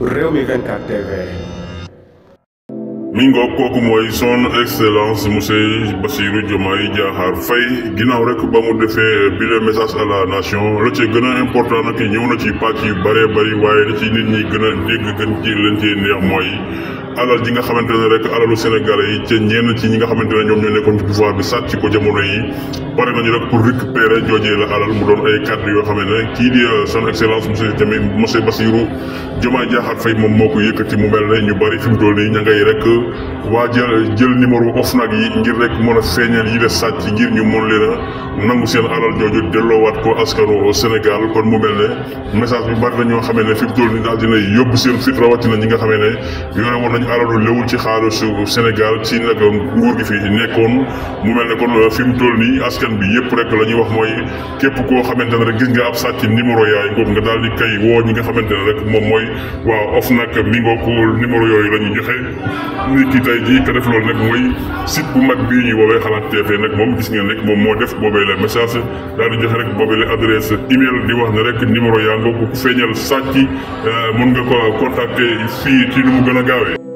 Rewmi 24 TV. mi ngoog kooku mooy son excellence monsieur Bassirou Diomaye Diakhar Faye ginnaaw rek ba mu defee bi le message à la nation la ci gën a important nag ñëw na ci pàcc yu bëree bëri waaye la ci nit ñi gën a gën ci leen ci neex mooy. alal ji nga xamante ne rek alalu sénégalais yi ca ñenn ci ñi nga xamante ne ñoom ñoo nekkoon ci pouvoir bi sàcc ko jamono yi pare nañu rek pour récupérer joojee la alal mu doon ay cadre yoo xam ne kii di euh, son excellence monsieur tamit monsieur Bassirou moom moo ko yëkkati mu mel ne ñu bari fi mu toll nii rek waa jël jël numéro OFNAC yi ngir rek mën a feeñal yi la sàcc ngir ñu mën leen a nangu seen alal jooju delloowaat ko askanu Sénégal kon mu mel ne message bi bari na ñoo xam ne fi mu toll nii ñi nga xam nañ alalu léwul ci xaalisu Sénégal ci nag nguur gi fi nekkoon mu mel ne kon euh, fi mu toll nii askan bi yëpp rek la ñuy wax mooy képp koo xamante ne rek gis nga ab sàcc numéro yaay ngoog nga daal di kay woo ñi nga xamante ne rek moom mooy waaw of nag mi ngoo ko numéro yooyu la ñu joxe ni ki tey jii ka def loolu nag mooy site bu mag bi ñuy woowee xalaat TV nag moom gis ngeen rek moom moo def boobee la message daal di joxe rek boobee la adresse email di wax ne rek numéro yaa ngoog ku feeñal sàcc euh, mën nga ko contacter fii ci nu mu gën a gaawee